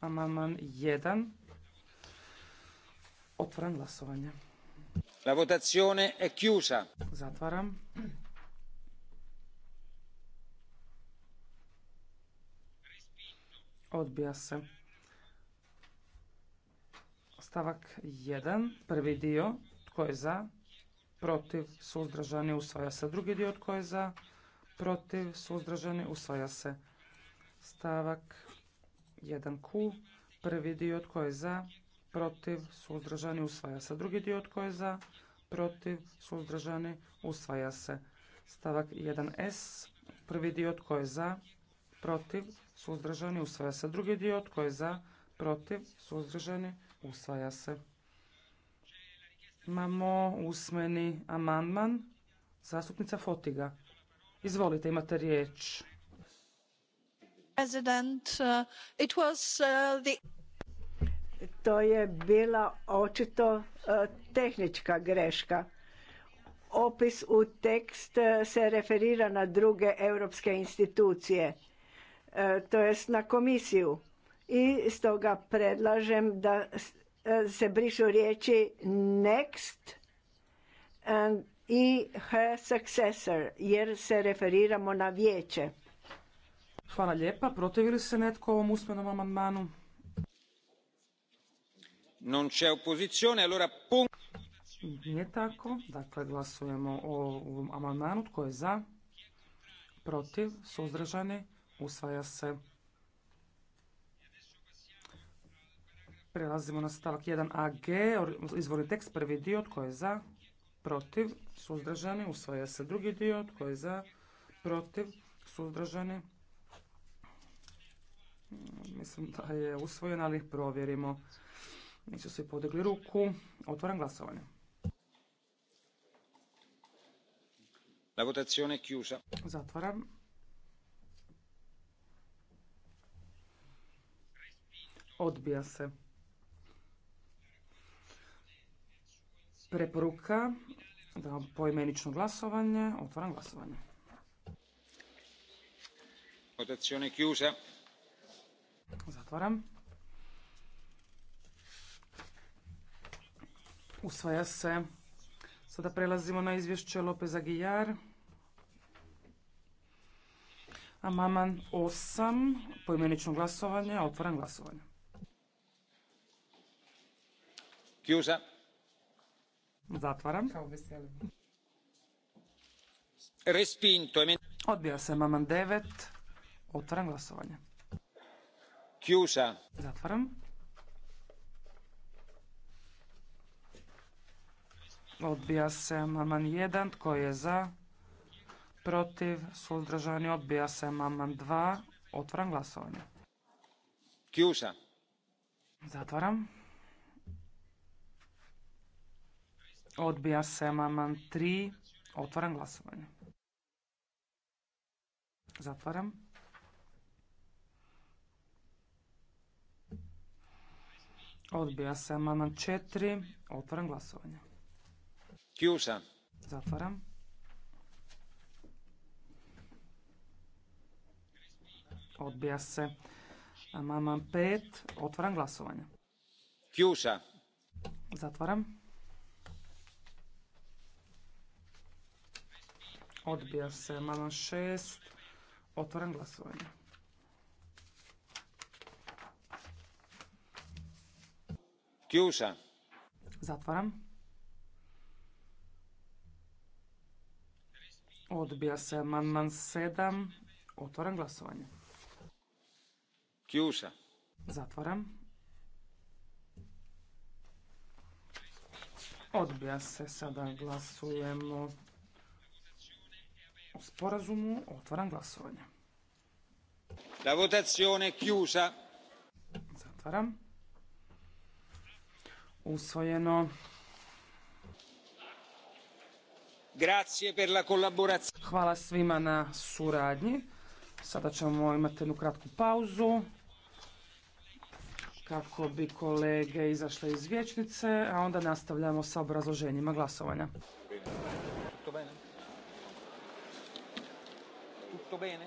Amandman 1. Otvaram glasovanje. La votazione è chiusa. Zatvaram. Odbija se. Stavak 1. Prvi dio. Tko je za? Protiv. Suzdržani. Usvaja se. Drugi dio. Tko je za? Protiv. Suzdržani. Usvaja se. Stavak 1Q. Prvi dio tko je za, protiv, suzdržani, usvaja se. Drugi dio tko je za, protiv, suzdržani, usvaja se. Stavak 1S. Prvi dio tko je za, protiv, suzdržani, usvaja se. Drugi dio tko je za, protiv, suzdržani, usvaja se. Imamo usmeni amandman. Zastupnica Fotiga. Izvolite, imate riječ. Uh, uh, to je bila očito uh, tehnička greška. Opis u tekst se referira na druge europske institucije, to jest na komisiju. I stoga predlažem da se brišu riječi next i her successor jer se referiramo na vijeće. Hvala lijepa. Protivi li se netko ovom usmenom amandmanu? Non c'è opposizione, allora Nije tako. Dakle, glasujemo o ovom amandmanu. Tko je za? Protiv? Suzdržani? Usvaja se. Prelazimo na stavak 1ag, izvori tekst, prvi dio, tko je za, protiv, suzdržani, usvaja se drugi dio, tko je za, protiv, suzdržani, Mislim da je usvojena, ali provjerimo. Nisu svi podigli ruku. Otvaram glasovanje. La votazione è chiusa. Zatvaram. Odbija se. Preporuka da poimenično glasovanje. Otvaram glasovanje. Votazione chiusa. Zatvaram. Usvaja se. Sada prelazimo na izvješće Lopez Aguilar. Amaman 8, pojmenično glasovanje, otvoran glasovanje. Kjuža. Zatvaram. Respinto. Odbija se Amaman 9, otvoran glasovanje. Chiusa. Zatvaram. Odbija se amandman 1. Tko je za? Protiv? Suzdržani? Odbija se amandman 2. Otvaram glasovanje. Chiusa. Zatvaram. Odbija se amandman 3. Otvaram glasovanje. Zatvaram. Odbija se amandman 4. Otvaram glasovanje. Kjuša. Zatvaram. Odbija se amandman 5. Otvaram glasovanje. Kjuša. Zatvaram. Odbija se amandman 6. Otvaram glasovanje. Chiusa. Zatvaram. Odbija se amandman 7. Otvaram glasovanje. Kjuša. Zatvaram. Odbija se. Sada glasujemo o sporazumu. Otvaram glasovanje. La votazione chiusa. Zatvaram usvojeno. Hvala svima na suradnji. Sada ćemo imati jednu kratku pauzu kako bi kolege izašle iz vječnice, a onda nastavljamo sa obrazloženjima glasovanja. Tutto bene?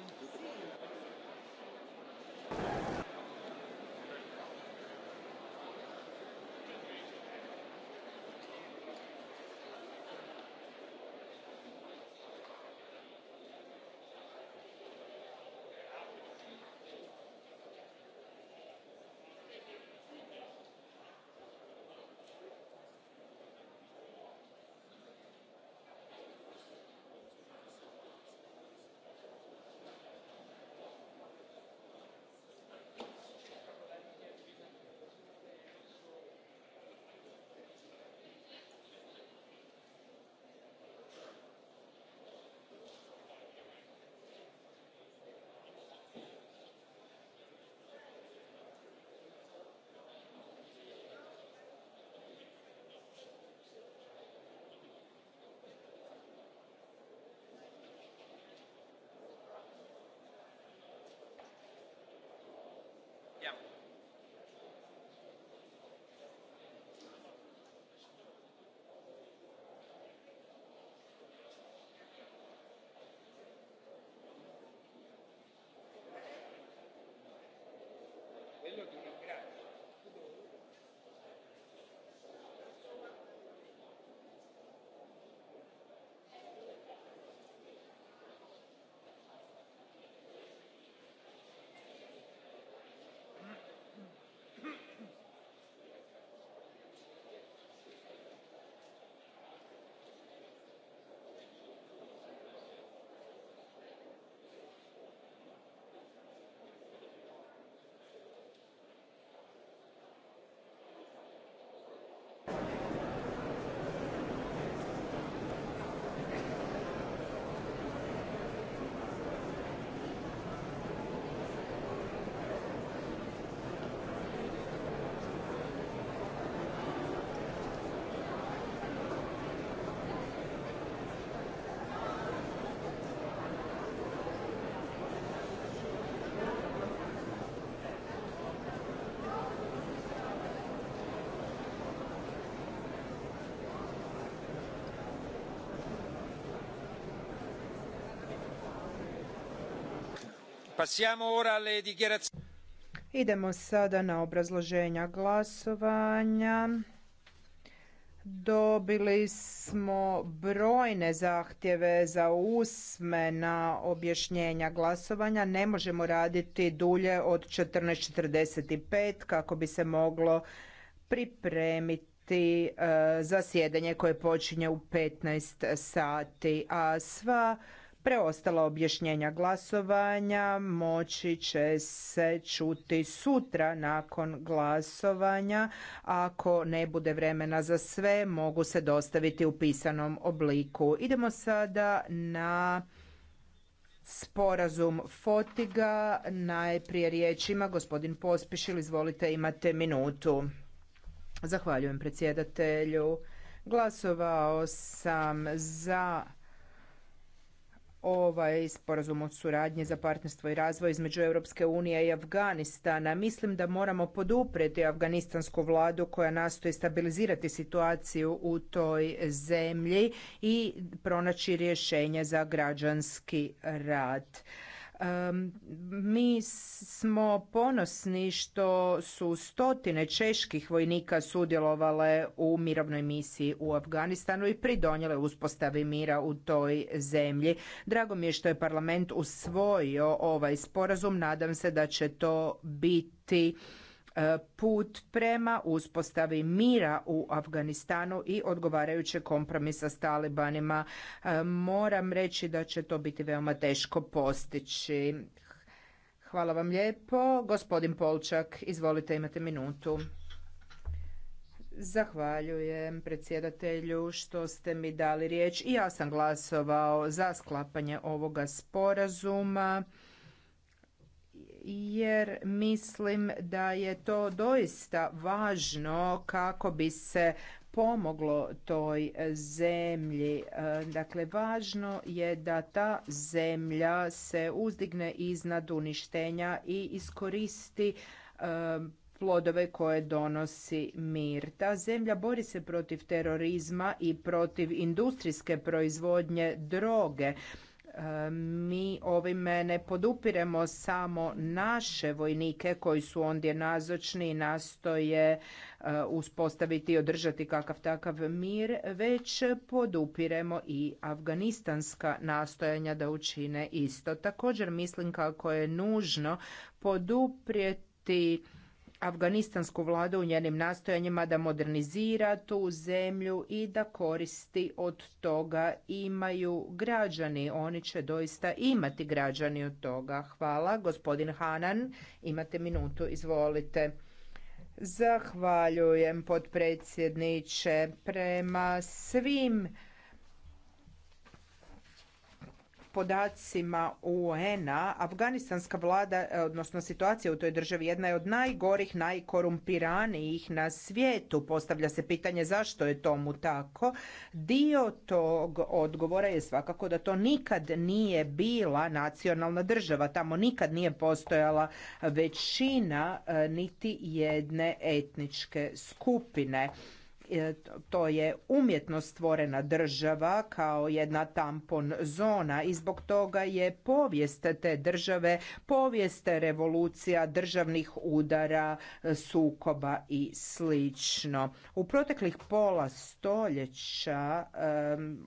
Idemo sada na obrazloženja glasovanja. Dobili smo brojne zahtjeve za usmena objašnjenja glasovanja. Ne možemo raditi dulje od 14.45 kako bi se moglo pripremiti e, zasjedanje koje počinje u 15 sati. A sva Preostala objašnjenja glasovanja moći će se čuti sutra nakon glasovanja. Ako ne bude vremena za sve, mogu se dostaviti u pisanom obliku. Idemo sada na sporazum Fotiga. Najprije riječ gospodin Pospišil. Izvolite, imate minutu. Zahvaljujem predsjedatelju. Glasovao sam za ovaj sporazum o suradnji za partnerstvo i razvoj između Europske unije i Afganistana. Mislim da moramo poduprijeti afganistansku vladu koja nastoji stabilizirati situaciju u toj zemlji i pronaći rješenje za građanski rad. Mi smo ponosni što su stotine čeških vojnika sudjelovale u mirovnoj misiji u Afganistanu i pridonjele uspostavi mira u toj zemlji. Drago mi je što je parlament usvojio ovaj sporazum. Nadam se da će to biti E, put prema uspostavi mira u Afganistanu i odgovarajuće kompromisa s talibanima. E, moram reći da će to biti veoma teško postići. Hvala vam lijepo. Gospodin Polčak, izvolite, imate minutu. Zahvaljujem predsjedatelju što ste mi dali riječ i ja sam glasovao za sklapanje ovoga sporazuma jer mislim da je to doista važno kako bi se pomoglo toj zemlji. E, dakle, važno je da ta zemlja se uzdigne iznad uništenja i iskoristi e, plodove koje donosi mir. Ta zemlja bori se protiv terorizma i protiv industrijske proizvodnje droge mi ovime ne podupiremo samo naše vojnike koji su ondje nazočni i nastoje e, uspostaviti i održati kakav takav mir, već podupiremo i afganistanska nastojanja da učine isto. Također mislim kako je nužno poduprijeti afganistansku vladu u njenim nastojanjima da modernizira tu zemlju i da koristi od toga imaju građani. Oni će doista imati građani od toga. Hvala. Gospodin Hanan, imate minutu, izvolite. Zahvaljujem potpredsjedniče prema svim podacima UN-a, afganistanska vlada, e, odnosno situacija u toj državi jedna je od najgorih, najkorumpiranijih na svijetu. Postavlja se pitanje zašto je tomu tako. Dio tog odgovora je svakako da to nikad nije bila nacionalna država. Tamo nikad nije postojala većina e, niti jedne etničke skupine E, to je umjetno stvorena država kao jedna tampon zona i zbog toga je povijest te države povijest revolucija, državnih udara, sukoba i slično. U proteklih pola stoljeća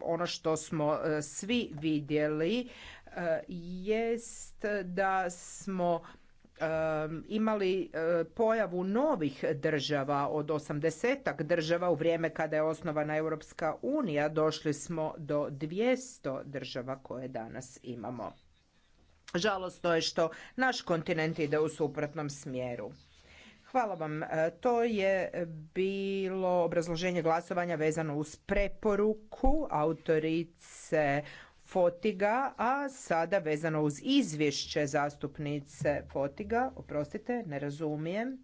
ono što smo e, svi vidjeli e, jest da smo Um, imali uh, pojavu novih država od osamdesettak država u vrijeme kada je osnovana Europska unija došli smo do 200 država koje danas imamo. Žalostno je što naš kontinent ide u suprotnom smjeru. Hvala vam. Uh, to je bilo obrazloženje glasovanja vezano uz preporuku autorice Fotiga, a sada vezano uz izvješće zastupnice Fotiga, oprostite, ne razumijem.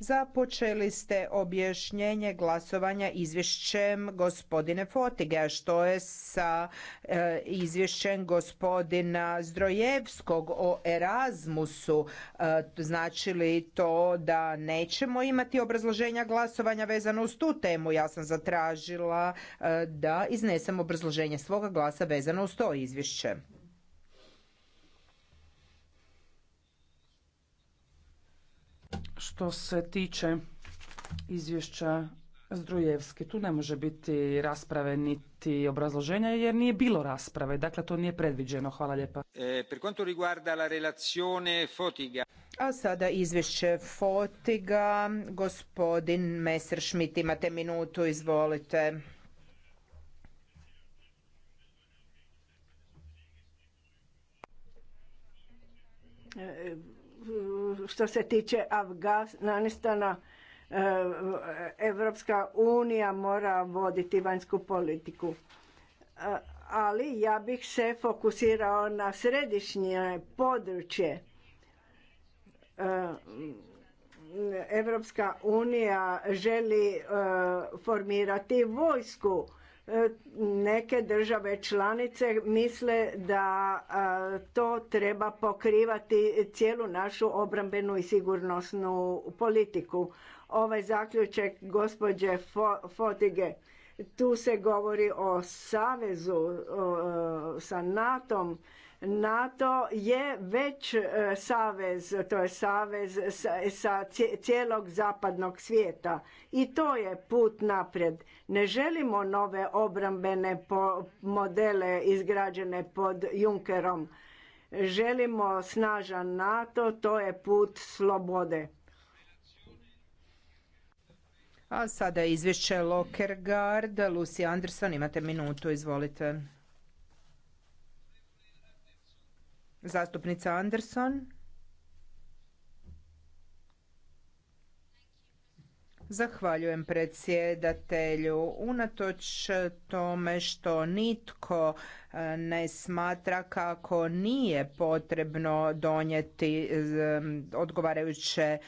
Započeli ste objašnjenje glasovanja izvješćem gospodine Fotige, što je sa e, izvješćem gospodina Zdrojevskog o Erasmusu? E, znači li to da nećemo imati obrazloženja glasovanja vezano uz tu temu? Ja sam zatražila e, da iznesem obrazloženje svoga glasa vezano uz to izvješće. što se tiče izvješća Zdrujevski, tu ne može biti rasprave niti obrazloženja jer nije bilo rasprave, dakle to nije predviđeno. Hvala lijepa. E, per quanto riguarda la relazione Fotiga. A sada izvješće Fotiga. Gospodin Messerschmidt, imate minutu, izvolite. E, što se tiče Afganistana, e, Evropska unija mora voditi vanjsku politiku. E, ali ja bih se fokusirao na središnje područje. E, Evropska unija želi formirati vojsku neke države članice misle da to treba pokrivati cijelu našu obrambenu i sigurnosnu politiku. Ovaj zaključak gospođe Fotige, tu se govori o savezu sa NATO-om, NATO je već e, savez, to je savez sa cijelog zapadnog svijeta i to je put naprijed. Ne želimo nove obrambene modele izgrađene pod Junkerom. Želimo snažan NATO, to je put slobode. A sada izvješće Lokergard, Lucy Anderson, imate minutu, izvolite. Zastupnica Anderson. Zahvaljujem predsjedatelju. Unatoč tome što nitko E, ne smatra kako nije potrebno donijeti e, odgovarajuće e,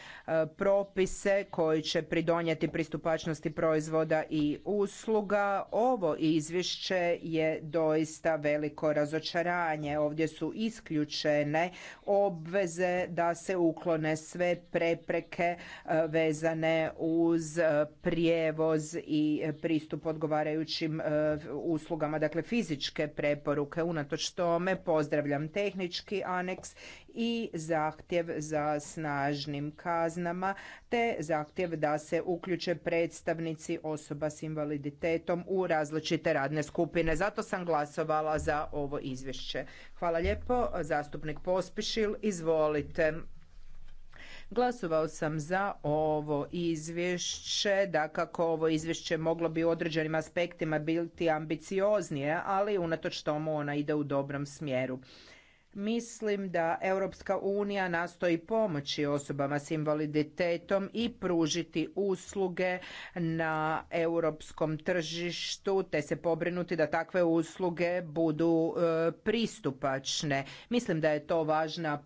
propise koji će pridonijeti pristupačnosti proizvoda i usluga. Ovo izvješće je doista veliko razočaranje. Ovdje su isključene obveze da se uklone sve prepreke vezane uz prijevoz i pristup odgovarajućim uslugama, dakle fizičke prepreke preporuke. Unatoč tome pozdravljam tehnički aneks i zahtjev za snažnim kaznama te zahtjev da se uključe predstavnici osoba s invaliditetom u različite radne skupine. Zato sam glasovala za ovo izvješće. Hvala lijepo. Zastupnik Pospišil, izvolite. Glasovao sam za ovo izvješće, da kako ovo izvješće moglo bi u određenim aspektima biti ambicioznije, ali unatoč tomu ona ide u dobrom smjeru. Mislim da Europska unija nastoji pomoći osobama s invaliditetom i pružiti usluge na europskom tržištu te se pobrinuti da takve usluge budu e, pristupačne. Mislim da je to važna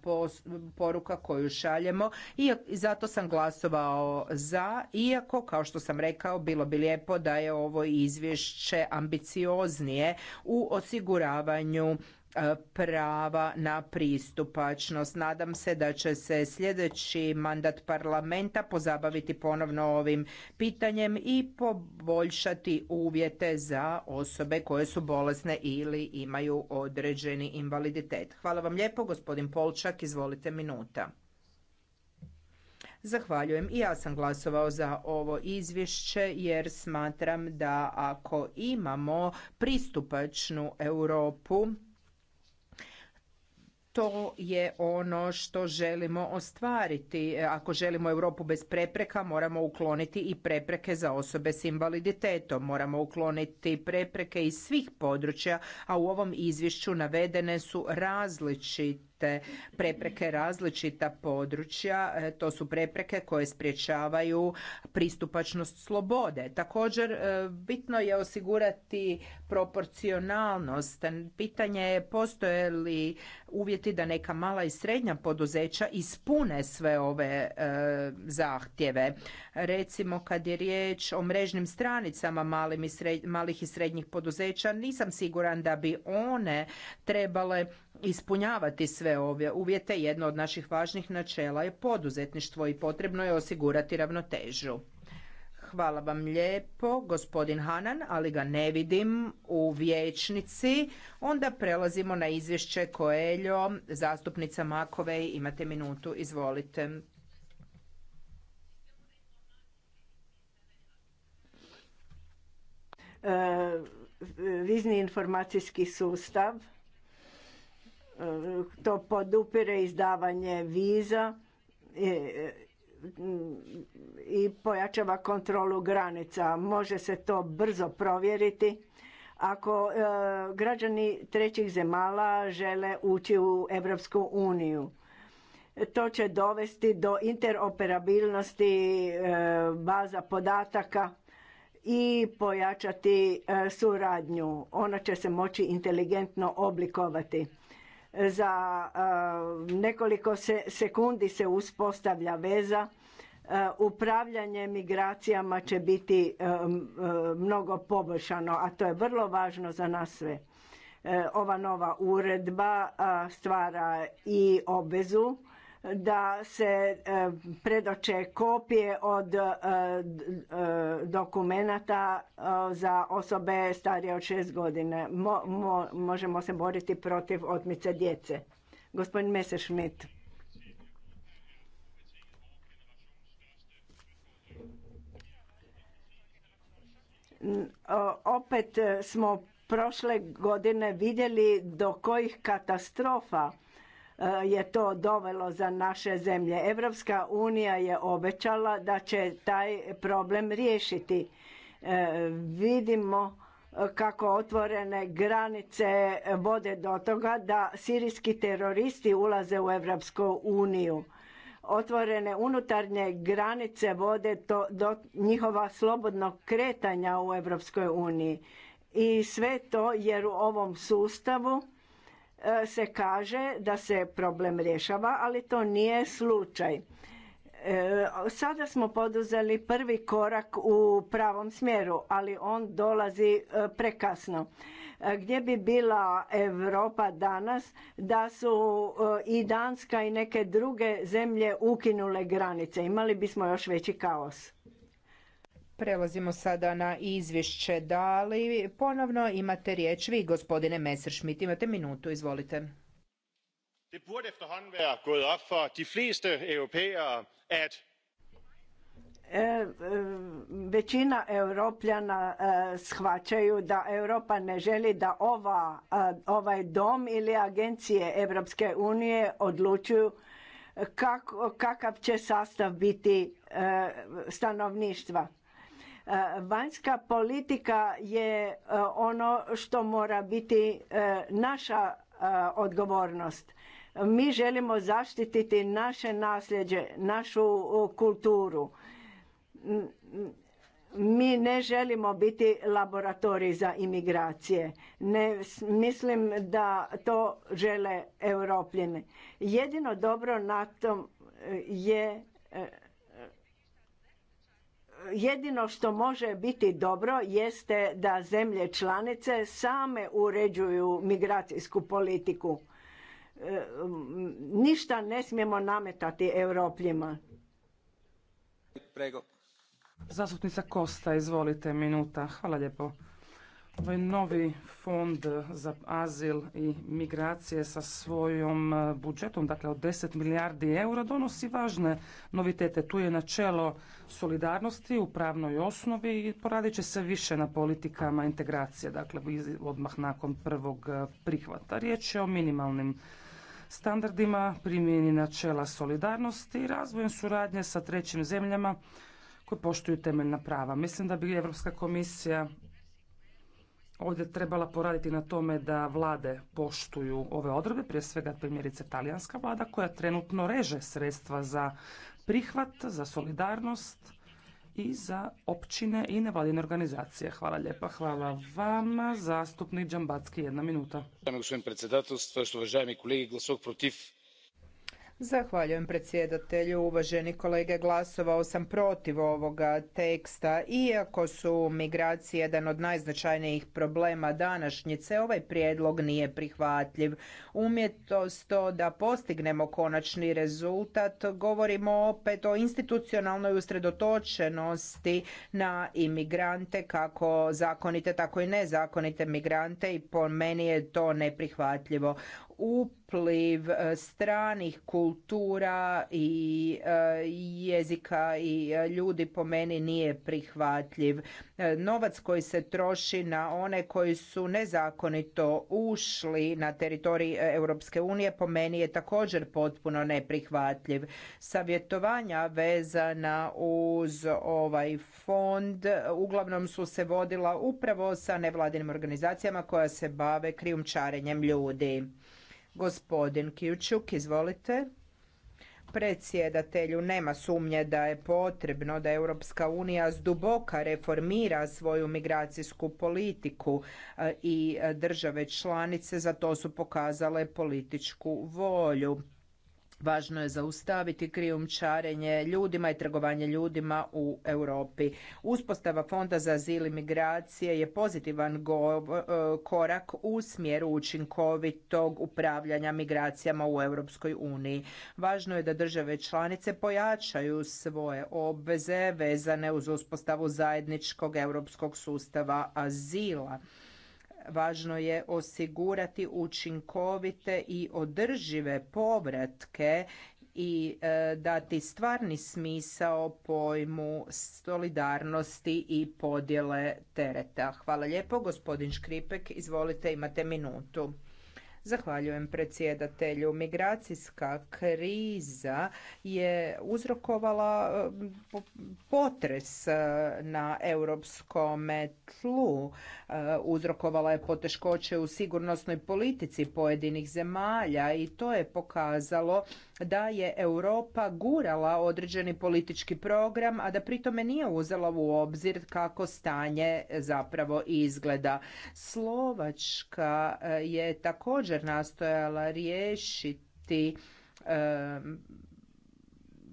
poruka koju šaljemo i zato sam glasovao za, iako kao što sam rekao bilo bi lijepo da je ovo izvješće ambicioznije u osiguravanju E, prava na pristupačnost. Nadam se da će se sljedeći mandat parlamenta pozabaviti ponovno ovim pitanjem i poboljšati uvjete za osobe koje su bolesne ili imaju određeni invaliditet. Hvala vam lijepo, gospodin Polčak, izvolite minuta. Zahvaljujem. I ja sam glasovao za ovo izvješće jer smatram da ako imamo pristupačnu Europu, to je ono što želimo ostvariti. Ako želimo Europu bez prepreka, moramo ukloniti i prepreke za osobe s invaliditetom. Moramo ukloniti prepreke iz svih područja, a u ovom izvješću navedene su različite prepreke različita područja, e, to su prepreke koje sprječavaju pristupačnost slobode. Također e, bitno je osigurati proporcionalnost. Pitanje je postoje li uvjeti da neka mala i srednja poduzeća ispune sve ove e, zahtjeve. Recimo kad je riječ o mrežnim stranicama malih i srednjih poduzeća, nisam siguran da bi one trebale ispunjavati sve ove uvjete. Jedno od naših važnih načela je poduzetništvo i potrebno je osigurati ravnotežu. Hvala vam lijepo, gospodin Hanan, ali ga ne vidim u vijećnici. Onda prelazimo na izvješće Koeljo, zastupnica Makovej, imate minutu, izvolite. E, vizni informacijski sustav to podupire izdavanje viza i pojačava kontrolu granica. Može se to brzo provjeriti. Ako e, građani trećih zemala žele ući u Europsku uniju, to će dovesti do interoperabilnosti e, baza podataka i pojačati e, suradnju. Ona će se moći inteligentno oblikovati za e, nekoliko sekundi se uspostavlja veza. E, upravljanje migracijama će biti e, mnogo poboljšano, a to je vrlo važno za nas sve. Ova nova uredba stvara i obvezu da se e, predoče kopije od e, e, dokumenata za osobe starije od šest godina. možemo se boriti protiv otmice djece. Gospodin Messerschmidt. Opet smo prošle godine vidjeli do kojih katastrofa Eh, je to dovelo za naše zemlje. Evropska unija je obećala da će taj problem riješiti. Eh, vidimo eh, kako otvorene granice vode do toga da sirijski teroristi ulaze u Evropsku uniju. Otvorene unutarnje granice vode do njihova slobodnog kretanja u Evropskoj uniji. I sve to jer u ovom sustavu se kaže da se problem rješava, ali to nije slučaj. E, sada smo poduzeli prvi korak u pravom smjeru, ali on dolazi e, prekasno. E, gdje bi bila Europa danas da su i Danska i neke druge zemlje ukinule granice? Imali bismo još veći kaos. Prelazimo sada na izvješće Dali. Ponovno imate riječ vi, gospodine Messerschmidt. Imate minutu, izvolite. E, e, većina europljana e, shvaćaju da Europa ne želi da ovaj dom ili agencije Europske unije odlučuju kakav će sastav biti stanovništva. E, vanjska politika je e, ono što mora biti e, naša odgovornost. Mi želimo zaštititi naše nasljeđe, našu kulturu. Mi ne želimo biti laboratorij za imigracije. Ne mislim da to žele europljene. Jedino dobro na tom je jedino što može biti dobro jeste da zemlje članice same uređuju migracijsku politiku. E, ništa ne smijemo nametati Europljima. Zastupnica Kosta, izvolite, minuta. Hvala lijepo. Ovaj novi fond za azil i migracije sa svojom e, budžetom, dakle od 10 milijardi eura, donosi važne novitete. Tu je načelo solidarnosti u pravnoj osnovi i poradit će se više na politikama integracije, dakle odmah nakon prvog e, prihvata. Riječ je o minimalnim standardima, primjeni načela solidarnosti i razvojem suradnje sa trećim zemljama koje poštuju temeljna prava. Mislim da bi Europska komisija ovdje trebala poraditi na tome da vlade poštuju ove odredbe, prije svega primjerice talijanska vlada koja trenutno reže sredstva za prihvat, za solidarnost i za općine i nevladine organizacije. Hvala lijepa. Hvala vama. Zastupnik Backi jedna minuta. kolegi protiv Zahvaljujem predsjedatelju. Uvaženi kolege, glasovao sam protiv ovoga teksta. Iako su migracije jedan od najznačajnijih problema današnjice, ovaj prijedlog nije prihvatljiv. Umjetost to da postignemo konačni rezultat, govorimo opet o institucionalnoj usredotočenosti na imigrante, kako zakonite, tako i nezakonite migrante i po meni je to neprihvatljivo upliv e, stranih kultura i e, jezika i e, ljudi po meni nije prihvatljiv. Novac koji se troši na one koji su nezakonito ušli na teritorij Europske unije po meni je također potpuno neprihvatljiv. Savjetovanja vezana uz ovaj fond uglavnom su se vodila upravo sa nevladinim organizacijama koja se bave krijumčarenjem ljudi. Gospodin Kijučuk, izvolite. Predsjedatelju nema sumnje da je potrebno da Europska unija zduboka reformira svoju migracijsku politiku e, i e, države članice za to su pokazale političku volju Važno je zaustaviti krijumčarenje ljudima i trgovanje ljudima u Europi. Uspostava Fonda za azil i migracije je pozitivan e, korak u smjeru učinkovitog upravljanja migracijama u Europskoj uniji. Važno je da države članice pojačaju svoje obveze vezane uz uspostavu zajedničkog europskog sustava azila. Važno je osigurati učinkovite i održive povratke i e, dati stvarni smisao pojmu solidarnosti i podjele tereta. Hvala lijepo. Gospodin Škripek, izvolite, imate minutu. Zahvaljujem predsjedatelju. Migracijska kriza je uzrokovala eh, potres eh, na europskom tlu. Eh, uzrokovala je poteškoće u sigurnosnoj politici pojedinih zemalja i to je pokazalo da je Europa gurala određeni politički program, a da pritome nije uzela u obzir kako stanje zapravo izgleda. Slovačka je također također nastojala riješiti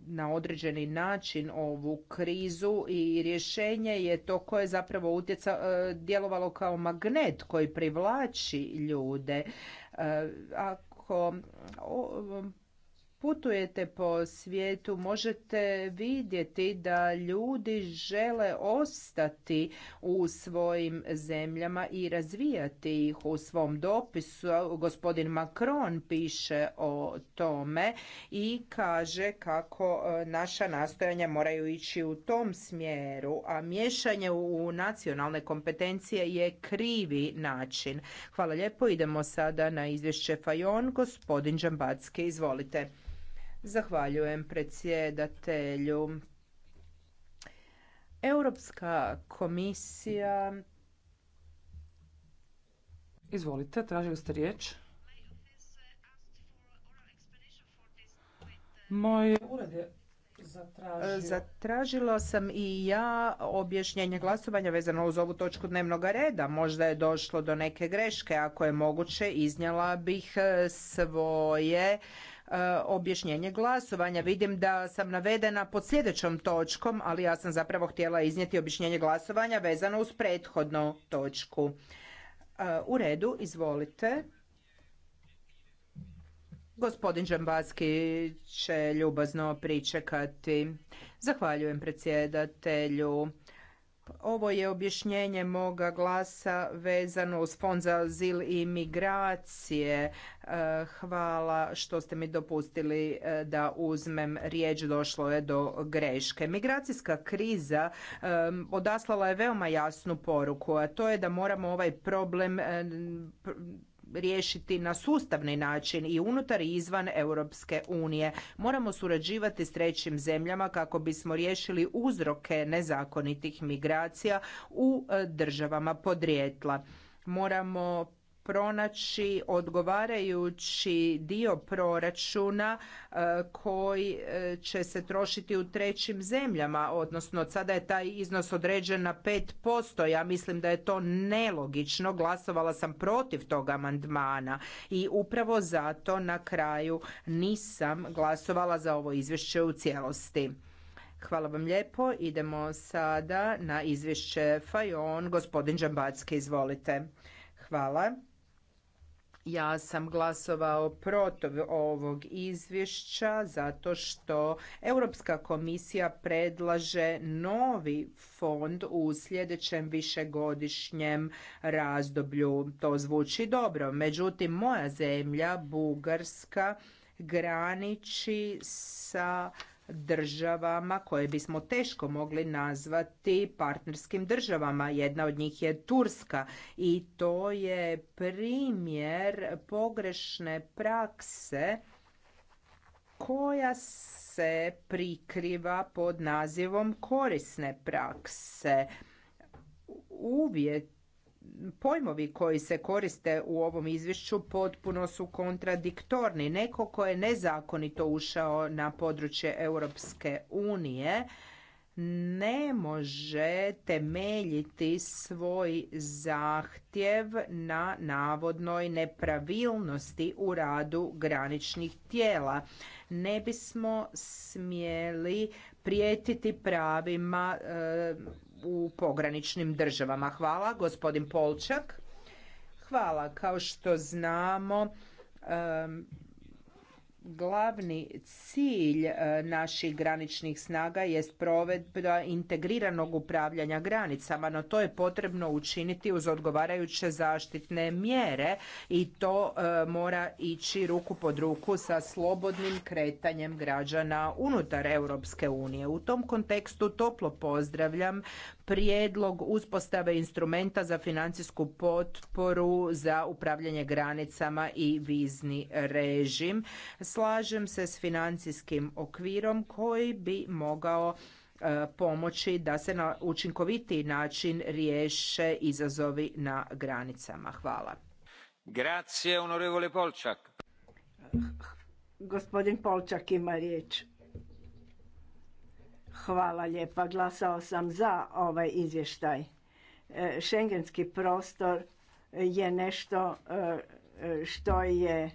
na određeni način ovu krizu i rješenje je to koje zapravo utjeca, e, djelovalo kao magnet koji privlači ljude. E, ako putujete po svijetu možete vidjeti da ljudi žele ostati u svojim zemljama i razvijati ih u svom dopisu. Gospodin Macron piše o tome i kaže kako e, naša nastojanja moraju ići u tom smjeru, a miješanje u nacionalne kompetencije je krivi način. Hvala lijepo, idemo sada na izvješće Fajon. Gospodin Đambacki, izvolite. Zahvaljujem predsjedatelju. Europska komisija... Izvolite, tražili ste riječ. Moj ured je zatražio. Zatražila sam i ja objašnjenje glasovanja vezano uz ovu točku dnevnog reda. Možda je došlo do neke greške. Ako je moguće, iznijela bih eh, svoje E, objašnjenje glasovanja. Vidim da sam navedena pod sljedećom točkom, ali ja sam zapravo htjela iznijeti objašnjenje glasovanja vezano uz prethodnu točku. E, u redu, izvolite. Gospodin Džambaski će ljubazno pričekati. Zahvaljujem predsjedatelju. Ovo je objašnjenje moga glasa vezano uz Fond za azil i migracije. E, hvala što ste mi dopustili e, da uzmem riječ, došlo je do greške. Migracijska kriza e, odaslala je veoma jasnu poruku, a to je da moramo ovaj problem riješiti na sustavni način i unutar i izvan Europske unije. Moramo surađivati s trećim zemljama kako bismo riješili uzroke nezakonitih migracija u e, državama podrijetla. Moramo pronaći odgovarajući dio proračuna e, koji e, će se trošiti u trećim zemljama, odnosno sada je taj iznos određen na 5%. Ja mislim da je to nelogično, glasovala sam protiv tog amandmana i upravo zato na kraju nisam glasovala za ovo izvješće u cijelosti. Hvala vam lijepo. Idemo sada na izvješće Fajon. Gospodin Džambacki, izvolite. Hvala. Ja sam glasovao protiv ovog izvješća zato što Europska komisija predlaže novi fond u sljedećem višegodišnjem razdoblju. To zvuči dobro. Međutim, moja zemlja, Bugarska, graniči sa državama koje bismo teško mogli nazvati partnerskim državama. Jedna od njih je Turska i to je primjer pogrešne prakse koja se prikriva pod nazivom korisne prakse. Uvjet pojmovi koji se koriste u ovom izvješću potpuno su kontradiktorni. Neko ko je nezakonito ušao na područje Europske unije ne može temeljiti svoj zahtjev na navodnoj nepravilnosti u radu graničnih tijela. Ne bismo smjeli prijetiti pravima e, u pograničnim državama. Hvala, gospodin Polčak. Hvala, kao što znamo, glavni cilj e, naših graničnih snaga jest provedba integriranog upravljanja granicama, no to je potrebno učiniti uz odgovarajuće zaštitne mjere i to e, mora ići ruku pod ruku sa slobodnim kretanjem građana unutar Europske unije. U tom kontekstu toplo pozdravljam prijedlog uspostave instrumenta za financijsku potporu za upravljanje granicama i vizni režim. Slažem se s financijskim okvirom koji bi mogao e, pomoći da se na učinkovitiji način riješe izazovi na granicama. Hvala. Gospodin Polčak ima riječ. Hvala lijepa. Glasao sam za ovaj izvještaj. Šengenski e, prostor je nešto e, što je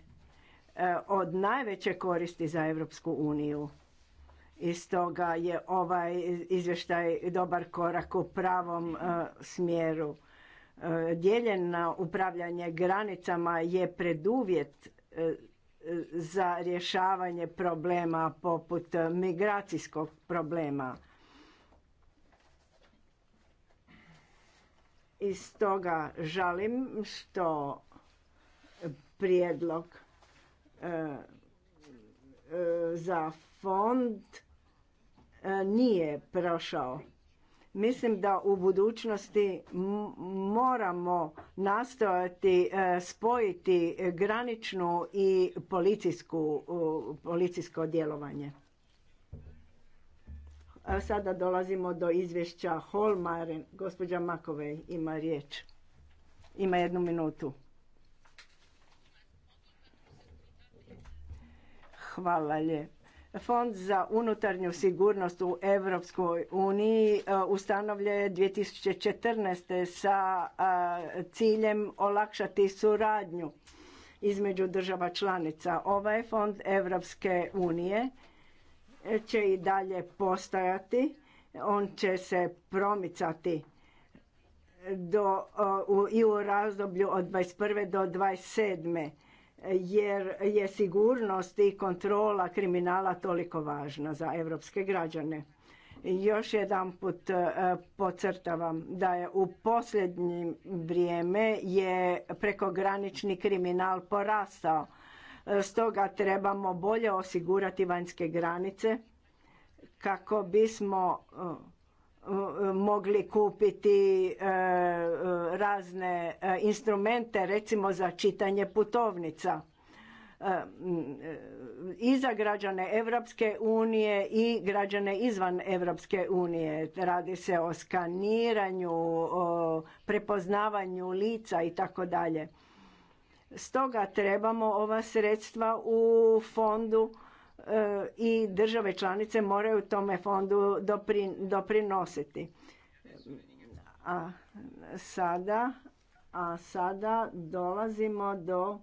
e, od najveće koristi za Europsku uniju. I stoga je ovaj izvještaj dobar korak u pravom smjeru. Dijeljeno upravljanje granicama je preduvjet za rješavanje problema poput migracijskog problema. I stoga žalim što prijedlog e, e, za fond e, nije prošao Mislim da u budućnosti moramo nastojati e, spojiti graničnu i policijsko djelovanje. Sada dolazimo do izvješća Holmaren. Gospođa Makovej ima riječ. Ima jednu minutu. Hvala lijepo. Fond za unutarnju sigurnost u Europskoj uniji e, ustanovljen je 2014. sa e, ciljem olakšati suradnju između država članica. Ovaj fond Europske unije e, će i dalje postojati, on će se promicati i u razdoblju od 21. do 27 jer je sigurnost i kontrola kriminala toliko važna za europske građane. Još jedan put e, podcrtavam da je u posljednje vrijeme je prekogranični kriminal porastao. E, stoga trebamo bolje osigurati vanjske granice kako bismo e, mogli kupiti e, e, razne e, instrumente recimo za čitanje putovnica i za građane Europske unije i građane izvan Europske unije. Radi se o skaniranju, o prepoznavanju lica i tako dalje. Stoga trebamo ova sredstva u fondu E, i države članice moraju tome fondu doprinositi. A sada, a sada dolazimo do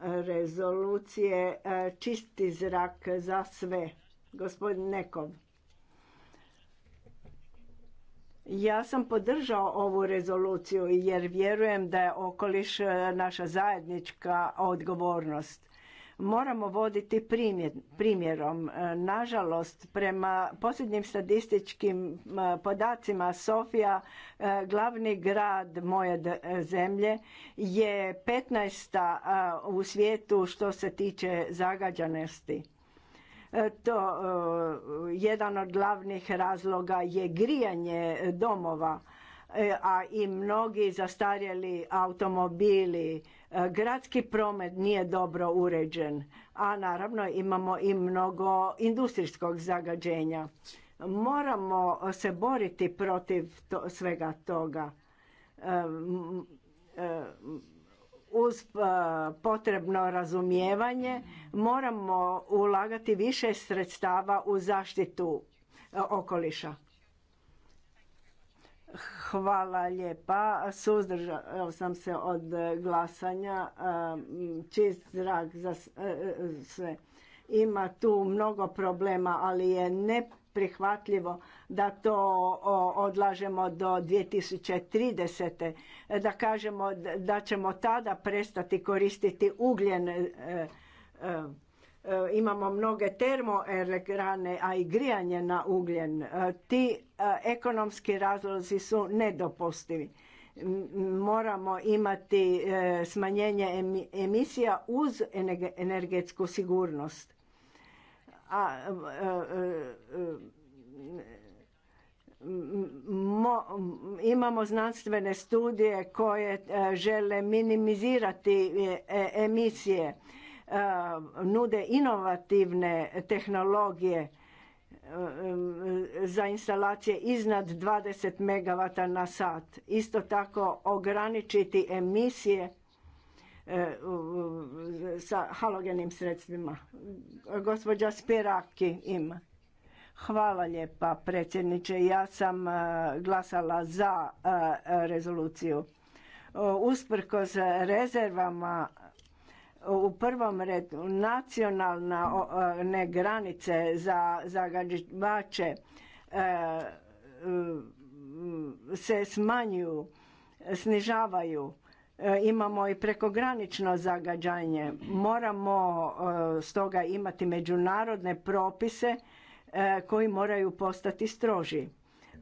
rezolucije e, čisti zrak za sve. Gospodin Nekov. Ja sam podržao ovu rezoluciju jer vjerujem da je okoliš e, naša zajednička odgovornost moramo voditi primjer, primjerom. E, nažalost, prema posljednjim statističkim e, podacima Sofija, e, glavni grad moje zemlje, je 15. u svijetu što se tiče zagađanosti. To jedan od glavnih razloga je grijanje domova, a i mnogi zastarjeli automobili E, gradski promet nije dobro uređen, a naravno imamo i mnogo industrijskog zagađenja. Moramo se boriti protiv svega toga. E, e, uz potrebno razumijevanje moramo ulagati više sredstava u zaštitu okoliša. Hvala lijepa. Suzdržao sam se od glasanja. Čist zrak za e, e, sve. Ima tu mnogo problema, ali je neprihvatljivo da to odlažemo do 2030. Da kažemo da ćemo tada prestati koristiti ugljen e, E, imamo mnoge termoelektrane, a i grijanje na ugljen. E, ti e, ekonomski razlozi su nedopustivi. Moramo imati smanjenje emisija uz energetsku sigurnost. A imamo znanstvene studije koje žele minimizirati emisije Eh, nude inovativne tehnologije eh, za instalacije iznad 20 MW na sat. Isto tako ograničiti emisije eh, sa halogenim sredstvima. Gospođa Spiraki ima. Hvala lijepa predsjedniče. Ja sam glasala za rezoluciju. Usprkos rezervama u prvom redu nacionalne granice za zagađivače e, se smanjuju, snižavaju. E, imamo i prekogranično zagađanje. Moramo e, stoga imati međunarodne propise koji moraju postati stroži.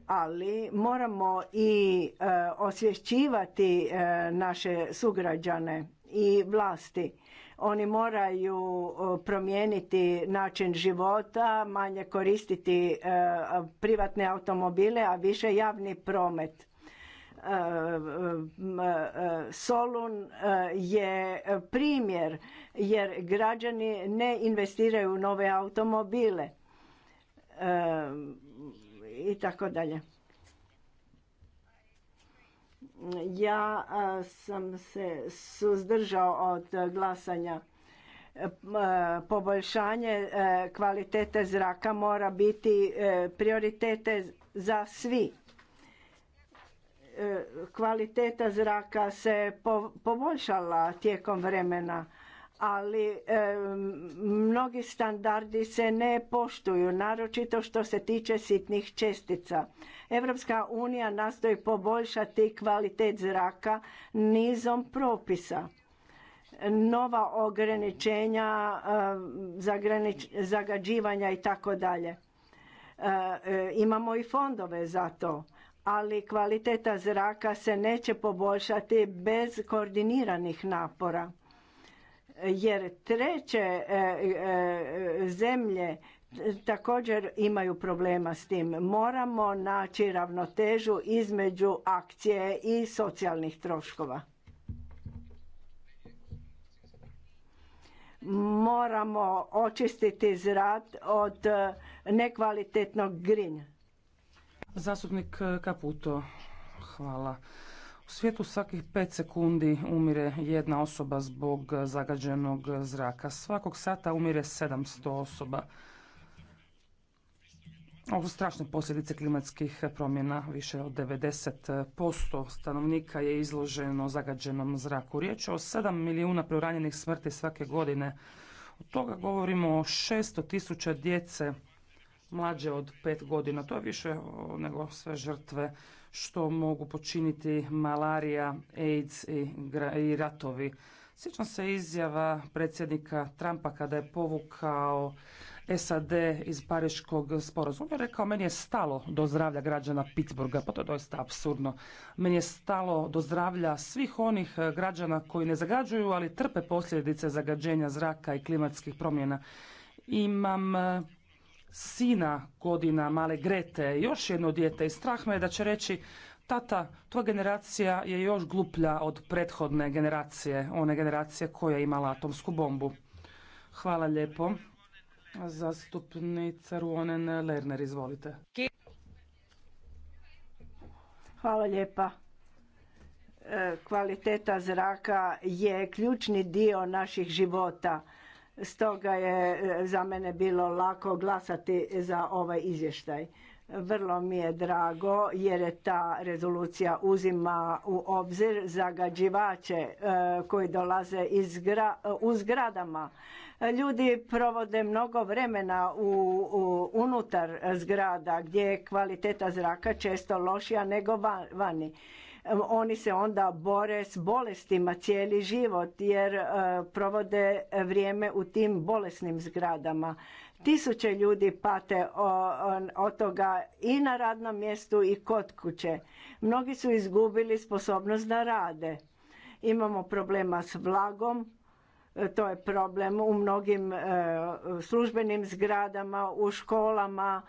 Ali moramo i osvješćivati naše sugrađane i vlasti. Oni moraju promijeniti način života, manje koristiti e, privatne automobile, a više javni promet. E, e, Solun je primjer jer građani ne investiraju u nove automobile i tako dalje. Ja sam se suzdržao od glasanja. E, poboljšanje e, kvalitete zraka mora biti e, prioritete za svi. Kvaliteta zraka se poboljšala tijekom vremena ali mnogi standardi se ne poštuju, naročito što se tiče sitnih čestica. Europska unija nastoji poboljšati kvalitet zraka nizom propisa. Nova ograničenja zagađivanja i tako dalje. E, e, imamo i fondove za to ali kvaliteta zraka se neće poboljšati bez koordiniranih napora jer treće e, e, zemlje također imaju problema s tim. Moramo naći ravnotežu između akcije i socijalnih troškova. Moramo očistiti zrad od e, nekvalitetnog grinja. Zastupnik Kaputo, hvala. U svijetu svakih pet sekundi umire jedna osoba zbog zagađenog zraka. Svakog sata umire 700 osoba. Ovo su strašne posljedice klimatskih promjena. Više od 90% stanovnika je izloženo zagađenom zraku. Riječ je o 7 milijuna preuranjenih smrti svake godine. Od toga govorimo o 600 tisuća djece mlađe od pet godina. To je više nego sve žrtve što mogu počiniti malarija, AIDS i ratovi. Sjećam se izjava predsjednika Trumpa kada je povukao SAD iz Pariškog sporazuma. Rekao, meni je stalo do zdravlja građana Pittsburgha, pa to je doista absurdno. Meni je stalo do zdravlja svih onih eh, građana koji ne zagađuju, ali trpe posljedice zagađenja zraka i klimatskih promjena. Imam eh, sina godina male Grete, još jedno dijete i strah me je da će reći tata, tvoja generacija je još gluplja od prethodne generacije, one generacije koja je imala atomsku bombu. Hvala lijepo. Zastupnica Ruonen Lerner, izvolite. Hvala lijepa. E, kvaliteta zraka je ključni dio naših života Stoga je e, za mene bilo lako glasati za ovaj izvještaj. Vrlo mi je drago jer je ta rezolucija uzima u obzir zagađivače e, koji dolaze u zgradama. Ljudi provode mnogo vremena u, unutar zgrada gdje je kvaliteta zraka često lošija nego vani oni se onda bore s bolestima cijeli život jer e, provode vrijeme u tim bolesnim zgradama. Tisuće ljudi pate od toga i na radnom mjestu i kod kuće. Mnogi su izgubili sposobnost da rade. Imamo problema s vlagom, e, to je problem u mnogim e, službenim zgradama, u školama,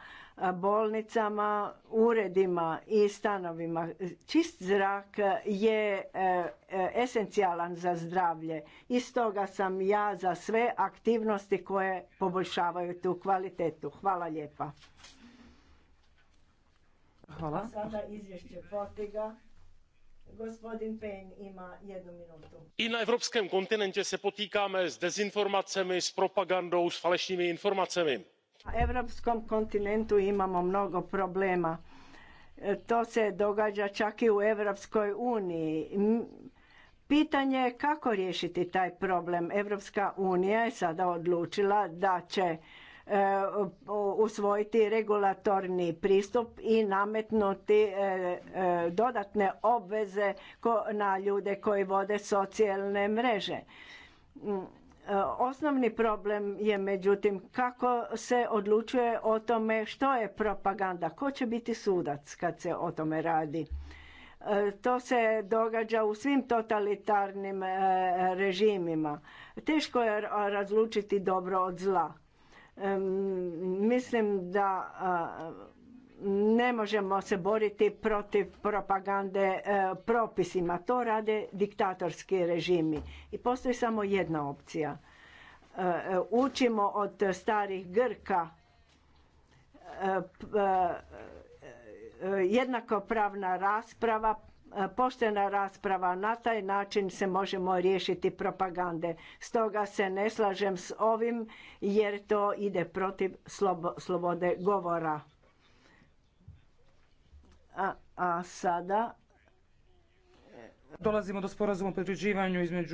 bolnicama, uredima i stanovima. Čist zrak je e, e, esencijalan za zdravlje i stoga sam ja za sve aktivnosti koje poboljšavaju tu kvalitetu. Hvala lijepa. Hvala. Sada izvješće potiga. Gospodin ima minutu. I na evropskom kontinentě se potýkáme s dezinformacemi, s propagandou, s falešnými informacemi na evropskom kontinentu imamo mnogo problema. E, to se događa čak i u Evropskoj uniji. Pitanje je kako riješiti taj problem. Evropska unija je sada odlučila da će e, usvojiti regulatorni pristup i nametnuti e, dodatne obveze na ljude koji vode socijalne mreže E, osnovni problem je međutim kako se odlučuje o tome što je propaganda, ko će biti sudac kad se o tome radi. E, to se događa u svim totalitarnim e, režimima. Teško je razlučiti dobro od zla. Mislim da ne možemo se boriti protiv propagande e, propisima. To rade diktatorski režimi. I postoji samo jedna opcija. E, e, učimo od starih Grka jednakopravna rasprava, poštena rasprava. Na taj način se možemo riješiti propagande. Stoga se ne slažem s ovim jer to ide protiv slobode govora. A, a sada Dolazimo do sporazuma o potvrđivanju između